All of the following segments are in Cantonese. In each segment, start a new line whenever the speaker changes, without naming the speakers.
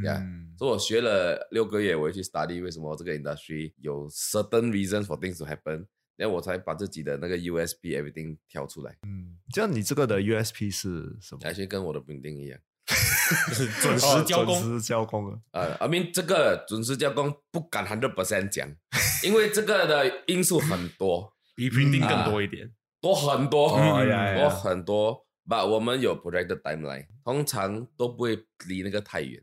yeah，所以我學了六個月，我要去 study，為什麼這個 industry 有 certain reasons for things to happen，然後我才把自己的那個 USP everything 跳出來。
嗯，咁樣你這個的 USP 是什麼？係先跟我的 printing 一樣，準時交工，準時交工。
啊，I mean，這個準時交工不敢 hundred percent 講，因為這個的因素很多，比 printing 更多一點，多很多，多很多。但係我們有 projected timeline，通常都不會離那個太遠。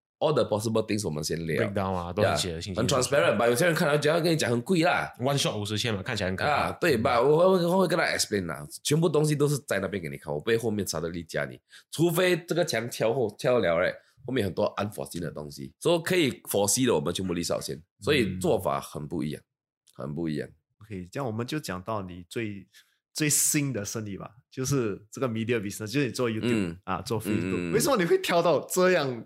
all the possible things，我們先聊 Breakdown 啊，yeah, 很 transparent，但有些人看到，只要跟你講很貴啦。One shot 五十千嘛，看起來很可、啊、對吧、嗯、我會我跟佢 explain 啦、啊，全部東西都是在那邊給你看。我背後面查得嚟加你。除非這個牆敲後敲了，後面很多 unforeseen 嘅東西，所以可以 foresee 的我們全部少，所以做法很不一樣，很不一樣。
嗯、OK，這樣我們就講到你最最新的生意吧，就是這個 media business，就是你做 YouTube、嗯、啊，做 Facebook、嗯。為什麼你會挑到這樣？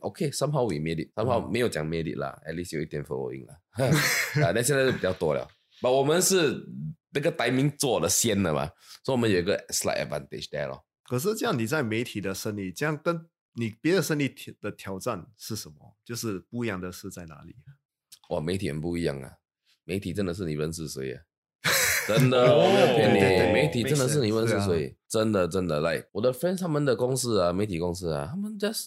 O、okay, K，somehow we made it，somehow、嗯、沒有講 made it 啦，至少有一點 following 啦。但 係、uh, 現在就比較多了，但係我們是那個 timing 做了先的嘛，
所以我們有一個 slight advantage。但係咯，可是這樣你在媒體的生意，這樣跟你別的生意的挑戰是什麼？就是不一樣的是在哪裏？
哇，媒體很不一樣啊！媒體真的是你認識誰啊？ 真的，我沒有騙你，媒體真的是你認識誰對對對真對對對？真的真的累。的的 like. 我的 friend 他們的公司啊，媒體公司啊，他們 just。